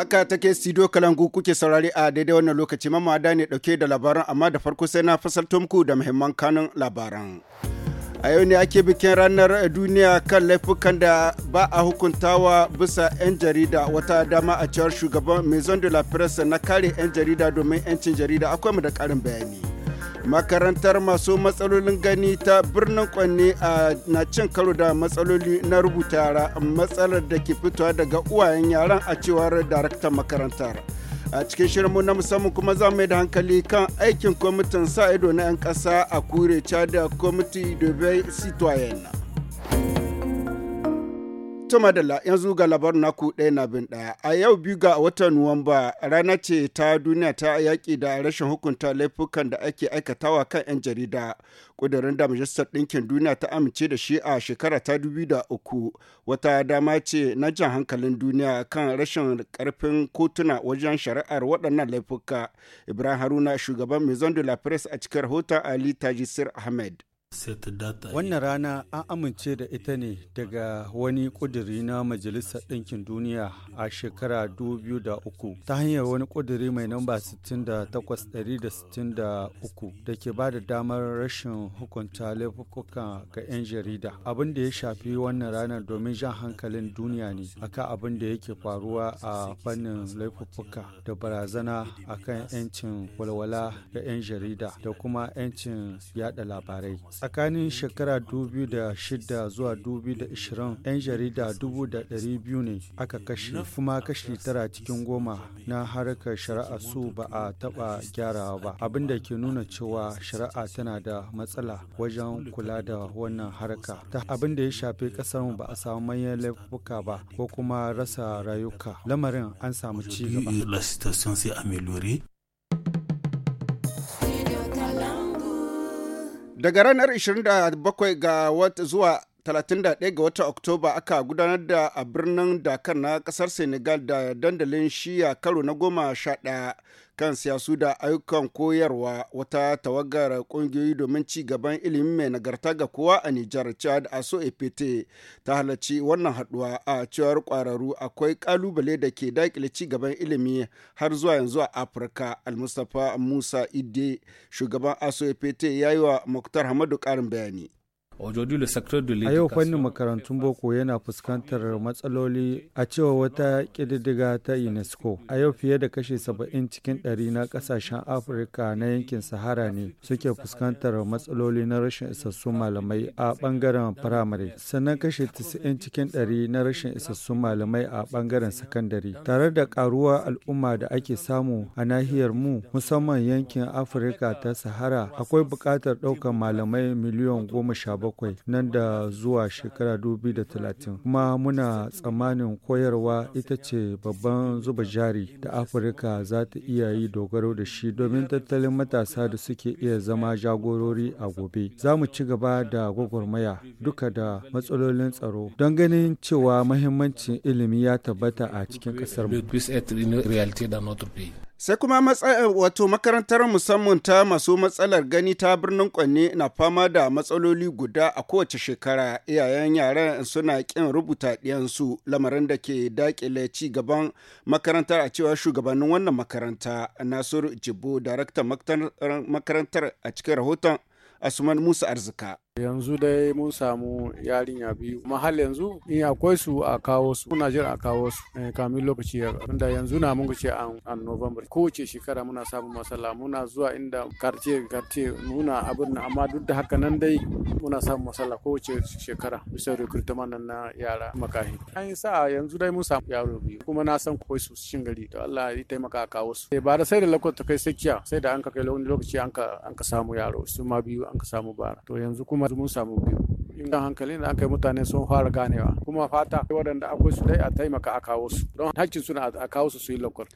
Haka take studio kalangu kuke saurari a daidai wannan lokaci mamada ne dauke da labaran amma da farko sai na fasal muku da muhimman kanun labaran. A yau ne ake bikin ranar duniya kan laifukan da ba a hukuntawa bisa 'yan jarida wata dama a cewar shugaban Maison de la Presse na kare 'yan jarida domin 'yancin jarida akwai mu da karin bayani. makarantar masu matsalolin gani ta birnin kwanne a na cin karo da matsaloli na rubuta yara matsalar da ke fitowa daga uwayen yaran a cewar daraktan makarantar a cikin shirin mu na musamman kuma za mai da hankali kan aikin kwamitin sa ido na 'yan ƙasa a kure da kwamiti de citoyen Tuma da yanzu ga na naku ɗaya na bin ɗaya. A yau biyu ga watan Nuwamba rana ce ta duniya ta yaƙi da rashin hukunta laifukan da ake aikatawa kan 'yan jarida. Ƙudurin da Majalisar Ɗinkin Duniya ta amince da shi a shekara ta uku wata dama ce na jan hankalin duniya kan rashin karfin kotuna wajen shari'ar waɗannan laifuka. Ibrahim Haruna shugaban Maison de la Presse a cikin rahoton Ali Tajisir Ahmed. Wannan rana an amince da ita ne daga wani ƙuduri na Majalisar Ɗinkin Duniya a shekara 2003 ta hanyar wani ƙuduri mai namba 68163 da ke ba da damar rashin hukunta laifuka ga 'yan jarida. Abin da ya shafi wannan rana domin jan hankalin duniya ne akan abin da yake faruwa a fannin laifuka da barazana akan 'yancin walwala ga 'yan jarida da kuma 'yancin yada labarai. Tsakanin shekara 2006 zuwa 2020 'yan jarida 200,000 ne aka kashe kuma kashi tara cikin goma na harkar shari'a su ba a taɓa gyarawa ba abin ke nuna cewa shari'a tana da matsala wajen kula da wannan harka ta abin ya shafi kasar ba a samu manyan laifuka ba ko kuma rasa rayuka lamarin an samu ci gaba Daga ranar 27 ga wata zuwa 31 ga wata Oktoba aka gudanar da a birnin Dakar na kasar Senegal da dandalin shiya karo na goma sha ɗaya kan siyasu da ayyukan koyarwa wata tawagar kungiyoyi domin ci gaban ilimi mai nagarta ga kowa a Nijar Chad Aso APT ta halarci wannan haduwa a cewar kwararru akwai kalubale da ke dakile ci gaban ilimi har zuwa yanzu a Afirka Almustapha Musa Ide shugaban Aso ya yi wa Muktar Hamadu karin bayani. A yau fannin makarantun boko yana fuskantar matsaloli a cewa wata kididdiga ta UNESCO. A yau fiye da kashe 70 cikin 100 na kasashen Afirka na yankin Sahara ne suke fuskantar matsaloli na rashin isassun malamai a bangaren firamare. Sannan kashe 90 cikin 100 na rashin isassun malamai a bangaren sakandare. Tare da karuwa al'umma da ake samu a nahiyar mu musamman yankin Afirka ta Sahara akwai buƙatar ɗaukar malamai miliyan goma sha bakwai nan da zuwa shekara talatin kuma muna tsammanin koyarwa ita ce babban zuba jari da afirka za ta iya yi dogaro da shi domin tattalin matasa da suke iya zama jagorori a gobe za mu ci gaba da gwagwarmaya duka da matsalolin tsaro don ganin cewa mahimmancin ilimi ya tabbata a cikin ƙasar mu. sai kuma eh, wato makarantar musamman ta masu matsalar gani ta birnin kwanne na fama da matsaloli guda a kowace shekara iyayen yaren suna kin rubuta ɗiyansu lamarin da ke dakile ci gaban makarantar a cewa shugabannin wannan makaranta nasiru jibo daraktan makarantar a cikin rahoton asuman musa arzika yanzu dai mun samu yarinya biyu kuma har yanzu in akwai su a kawo su muna jira a kawo su eh, kamin lokaci ya tunda yanzu na mun ce an november kowace shekara muna samun matsala muna zuwa inda karce karce nuna abin amma duk da haka nan dai muna samun matsala kowace shekara bisa recruitment nan na yara makahi an yi sa yanzu dai mun samu yaro biyu kuma na san koi su shin gari to Allah ya taimaka a kawo su eh, ba da sai da ta kai sakiya sai da an ka kai lokaci an ka samu yaro su ma biyu an ka samu bara to yanzu kuma mun samu biyu inda hankali da aka yi mutane sun fara ganewa kuma fata waɗanda akwai su dai a taimaka a kawo su don hakkin suna a kawo su su yi lokal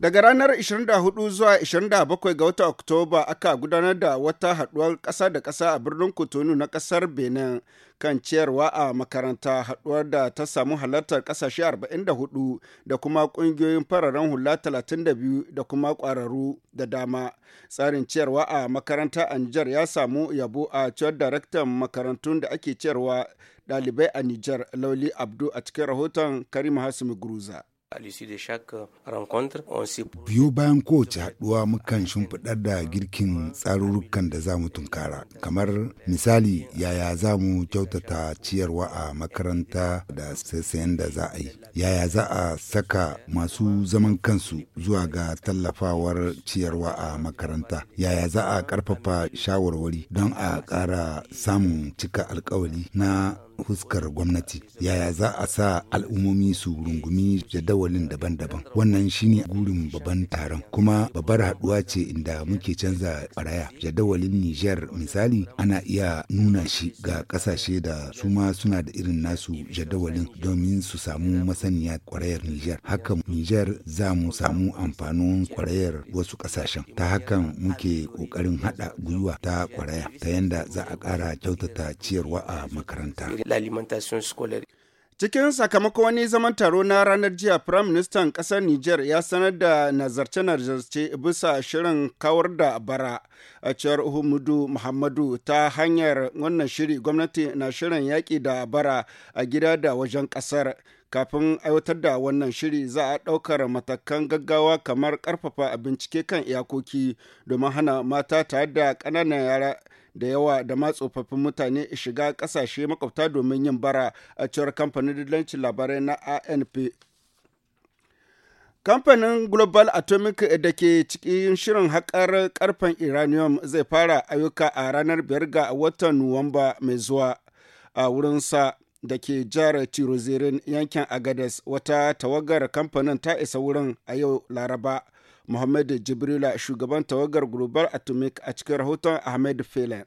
Daga ranar 24 zuwa 27 ga watan Oktoba aka gudanar da wata haɗuwar ƙasa da kasa a birnin Kotonu na ƙasar Benin kan ciyarwa a makaranta haɗuwar da ta samu halartar ƙasashe 44 da kuma ƙungiyoyin fararen hula 32 da kuma kwararru da dama. Tsarin ciyarwa a makaranta a Nijar ya samu yabo a ciyar daraktan makarantun da ake ciyarwa ɗalibai a Nijar Lauli Abdu a cikin rahoton Karim Hasimi Guruza. Uh, Biyo bayan kowace haɗuwa mukan shimfiɗar da girkin tsarurrukan da za mu tunkara. Kamar misali yaya za mu kyautata ciyarwa a makaranta da sassayen da za a yi. Yaya za a saka masu zaman kansu zuwa ga tallafawar ciyarwa a makaranta. Yaya za a ƙarfafa shawarwari don a ƙara samun cika alkawali na huskar gwamnati yaya za a sa al'ummomi su rungumi jadawalin daban-daban wannan shine gurin babban taron kuma babbar haduwa ce inda muke canza baraya jadawalin niger misali ana iya nuna shi ga kasashe da su ma suna da irin nasu jadawalin domin su samu masaniya kwarayar niger haka niger za mu samu amfanin kwarayar wasu kasashen ta hakan muke ƙoƙarin haɗa gwiwa ta kwaraya ta yanda za a kara kyautata ciyarwa a makaranta l'alimentation scolaire. Cikin sakamako wani zaman taro na ranar jiya Firayim Ministan ƙasar Nijar ya sanar da nazarce-nazarce bisa shirin kawar da bara a cewar Humudu Muhammadu ta hanyar wannan shiri gwamnati na shirin yaƙi da bara a gida da wajen ƙasar. Kafin aiwatar da wannan shiri za a ɗaukar matakan gaggawa kamar ƙarfafa bincike kan iyakoki domin hana mata tare da ƙananan yara da yawa da ma tsofaffin mutane shiga kasashe makwabta domin yin bara a cewar kamfanin dillancin labarai na anp Kamfanin Global Atomic da ke cikin shirin haƙar ƙarfen iranium zai fara ayyuka a ranar 5 ga watan Nuwamba mai zuwa a wurinsa da ke jihar Tirozirin yankin Agades wata tawagar kamfanin ta isa wurin a yau Laraba muhammadu Jibrila shugaban tawagar Global Atomic a cikin rahoton Ahmed Felen.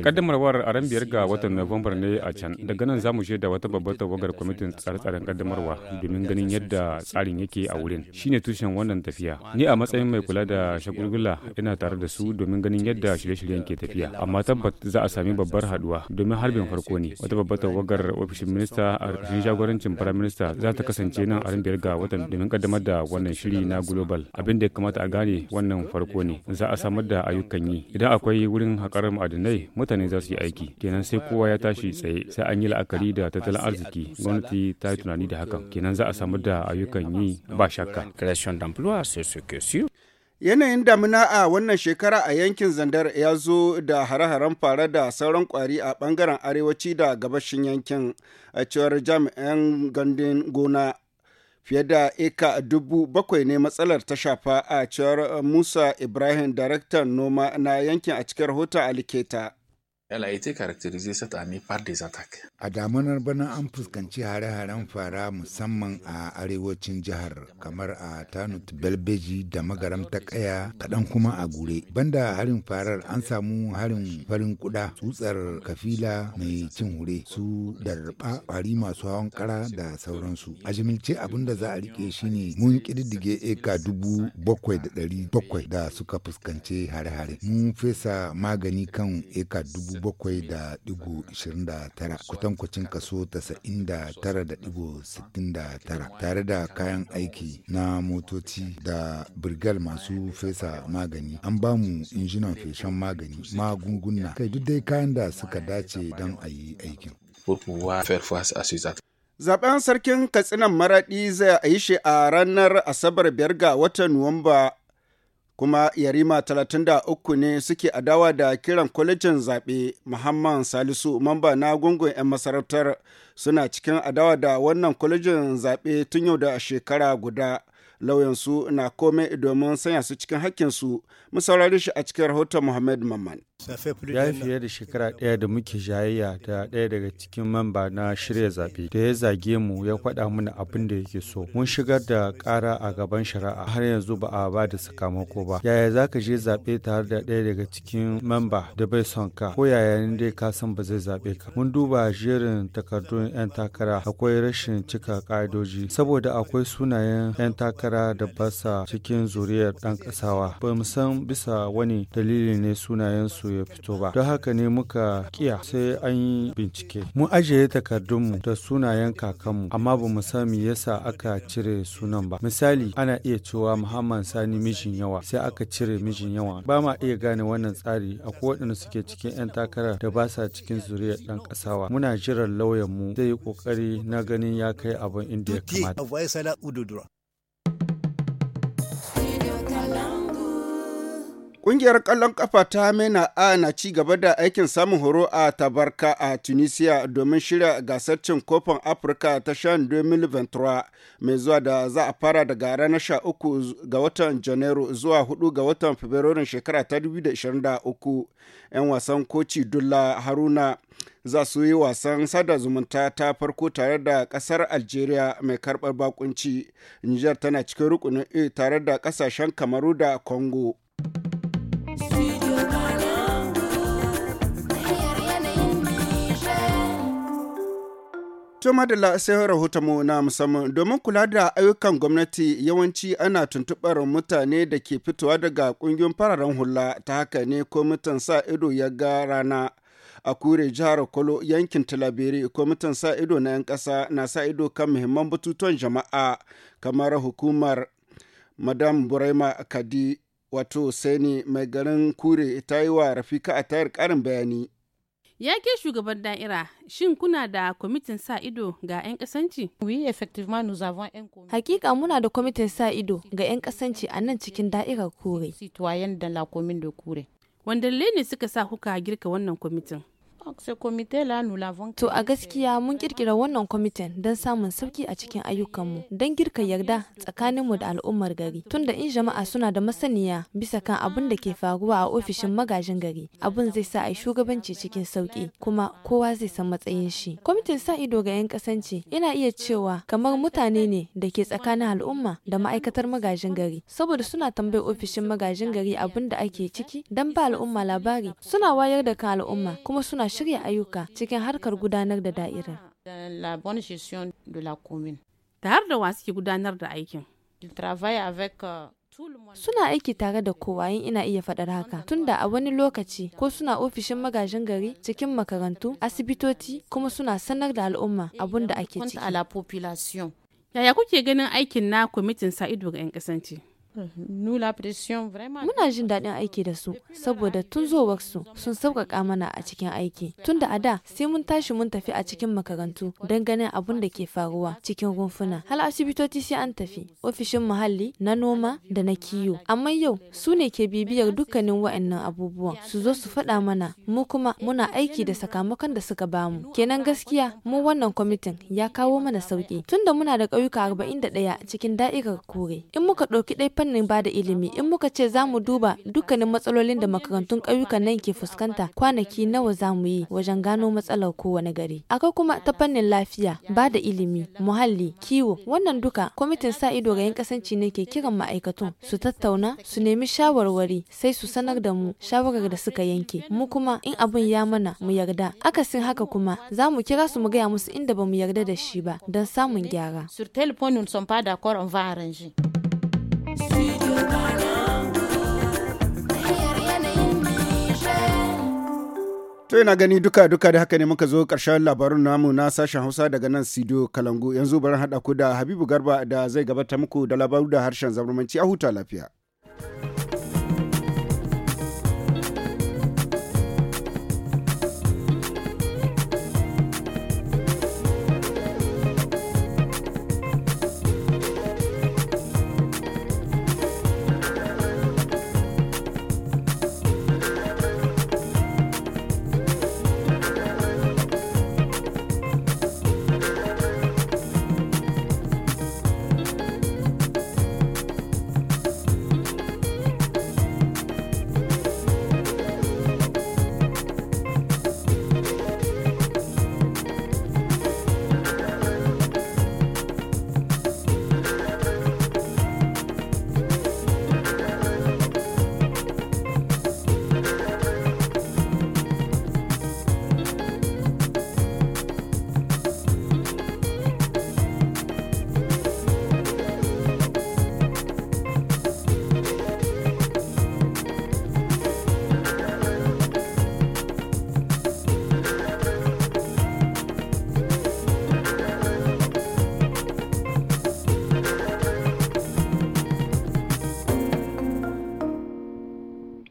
Kaddamarwar a ran biyar ga watan November ne a can, daga nan za mu je da wata babbar tawagar kwamitin tsare-tsaren kaddamarwa domin ganin yadda tsarin yake a wurin. shine ne tushen wannan tafiya. Ni a matsayin mai kula da shagulgula ina tare da su domin ganin yadda shirye-shiryen ke tafiya. Amma tabbat za a sami babbar haduwa domin harbin farko ne. Wata babbar tawagar ofishin minista a ƙarƙashin jagorancin firaminista za ta kasance nan a biyar ga watan domin kaddamar da wannan shiri na global. Abin da ya kamata a gane wannan farko ne. Za a samar da ayyukan yi idan akwai wurin haƙar ma'adinai mutane za su yi aiki kenan sai kowa ya tashi tsaye sai an yi la'akari da tattalin arziki gwamnati ta yi tunani da hakan kenan za a samu da ayyukan yi ba shakka Yanayin damina a wannan shekara a yankin Zandar ya zo da hare-haren fara da sauran kwari a bangaren arewaci da gabashin yankin a cewar jami'an gandun gona fiye da eka dubu bakwai ne matsalar ta shafa a cewar musa ibrahim daraktan noma na yankin a cikin rahoton aliketa Elle a été caractérisée cette année par des attaques. A damanar bana an fuskanci hare-haren fara musamman a arewacin jihar kamar a Tanut Belbeji da magaram ta kaya kaɗan kuma a gure. Banda harin farar an samu harin farin kuda tsutsar kafila mai cin hure su darba ƙwari masu hawan kara da sauransu. A jimilce abin da za a rike ne mun kididdige eka dubu bakwai da ɗari bakwai da suka fuskanci hare-hare. Mun fesa magani kan eka dubu bakwai tara kwatankwacin kaso 99.69 tare da kayan aiki na motoci da birgal masu fesa magani an ba mu injinan feshen magani magunguna kai duk dai kayan da suka dace don a yi aikin. Zaben sarkin Katsinan Maraɗi zai yi shi a ranar Asabar 5 ga watan Nuwamba kuma yarima talatin da uku ne suke adawa da kiran kwalejin zaɓe muhammad salisu mamba na gungun 'yan masarautar suna cikin adawa da wannan kwalejin zaɓe tun yau da shekara guda lauyansu na komai domin sanya su cikin hakkinsu mu saurari shi a cikin rahoton muhammad mamman Ya fiye da shekara ɗaya da muke jayayya da ɗaya daga cikin mamba na shirya zaɓe da ya zage mu ya faɗa mana abin da yake so. Mun shigar da ƙara a gaban shari'a har yanzu ba a ba da sakamako ba. Yaya za ka je zaɓe tare da ɗaya daga cikin mamba da bai son ka ko yaya dai ka san ba zai zaɓe ka. Mun duba jerin takardun 'yan takara akwai rashin cika ƙa'idoji saboda akwai sunayen 'yan takara da ba cikin zuriyar ɗan ƙasawa. Ba mu san bisa wani dalili ne su. su ya fito ba don haka ne muka kiya sai an yi bincike mu ajiye takardunmu da sunayen kakanmu amma ba mu san me yasa aka cire sunan ba misali ana iya cewa muhammad sani mijin yawa sai aka cire mijin yawa ba ma iya gane wannan tsari akwai waɗanda suke cikin 'yan takara da ba sa cikin zuriyar ɗan ƙasawa muna jiran lauyanmu zai yi ƙoƙari na ganin ya kai abin inda ya kamata Ƙungiyar ƙwallon ƙafa ta Mena A na ci gaba da aikin samun horo a Tabarka a Tunisia domin shirya gasar cin kofin Afirka ta shan 2023 mai zuwa da za a fara daga ranar 13 ga watan Janairu zuwa 4 ga watan Fabrairu shekara ta 2023. 'Yan wasan koci Dulla Haruna za su yi wasan sada zumunta ta farko tare da kasar algeria mai karɓar bakunci Nijar tana cikin rukunin e tare da ƙasashen kamaru da Kongo. To madalla sai rahoton mu na musamman domin kula da ayyukan gwamnati yawanci ana tuntuɓar mutane da ke fitowa daga ƙungiyoyin fararen hula ta haka ne kwamitin sa ido ya ga rana a kure jihar Kolo yankin Talabere kwamitin sa ido na 'yan ƙasa na sa ido kan muhimman batutuwan jama'a kamar hukumar Madam Burema Kadi wato Seni mai garin kure ta yi wa Rafika a tayar karin bayani. ya ke shugaban da'ira shin kuna da kwamitin sa ido ga 'yan kasanci? Hakika muna da kwamitin sa ido ga 'yan kasanci a nan cikin da'irar Kure. Kure. Wanda ne suka sa kuka girka wannan kwamitin? To a gaskiya mun kirkira wannan kwamitin don samun sauki a cikin ayyukanmu don girka yarda tsakaninmu da al'ummar gari. Tunda in jama'a suna da masaniya bisa kan abin da ke faruwa a ofishin magajin gari, abin zai sa a yi shugabanci cikin sauki kuma kowa zai san matsayin shi. Kwamitin sa ido ga 'yan kasance ina iya cewa kamar mutane ne da ke tsakanin al'umma da ma'aikatar magajin gari saboda suna tambayar ofishin magajin gari abin da ake ciki don ba al'umma labari suna wayar da kan al'umma kuma suna shirya ayyuka cikin harkar gudanar da da'irar. har da wasu ke gudanar da aikin. Euh, suna aiki tare da kowa yin ina iya faɗar haka tunda a wani lokaci ko suna ofishin magajin gari cikin makarantu asibitoci kuma suna sanar da al'umma abun da ake ciki. Yaya kuke ganin aikin na kwamitin sa ido ga 'yan kasance? Muna jin daɗin aiki da su saboda tun su sun sauƙaƙa mana a cikin aiki. Tun da a da sai mun tashi mun tafi a cikin makarantu don ganin abun da ke faruwa cikin rumfuna. Hal asibitoci sai an tafi ofishin muhalli na noma da na kiyo. Amma yau su ne ke bibiyar dukkanin wa'annan abubuwan su zo su faɗa mana mu kuma muna aiki da sakamakon da suka bamu. Kenan gaskiya mu wannan kwamitin ya kawo mana sauƙi tunda muna da ƙauyuka 41 cikin da'irar kore. In muka ɗauki ɗaya fannin da ilimi in muka ce za mu duba dukkanin matsalolin da makarantun ƙauyukan nan ke fuskanta kwanaki nawa za mu yi wajen gano matsalar kowane gari. Akwai kuma ta fannin lafiya, ba da ilimi, muhalli, kiwo, wannan duka kwamitin sa ido ga 'yan kasanci ne ke kiran ma'aikatun su tattauna su nemi shawarwari sai su sanar da mu shawarar da suka yanke. Mu kuma in abin ya mana mu yarda. Akasin haka kuma za mu kira su mu gaya musu inda ba mu yarda da shi ba don samun gyara. Sur téléphone, nous ne sommes pas d'accord, on va arranger. To yana gani duka duka da haka ne muka zo karshen labarun namu na sashen Hausa daga nan Sido Kalangu yanzu bari haɗa ku da Habibu Garba da zai gabata muku da labaru da harshen zamanci a huta lafiya.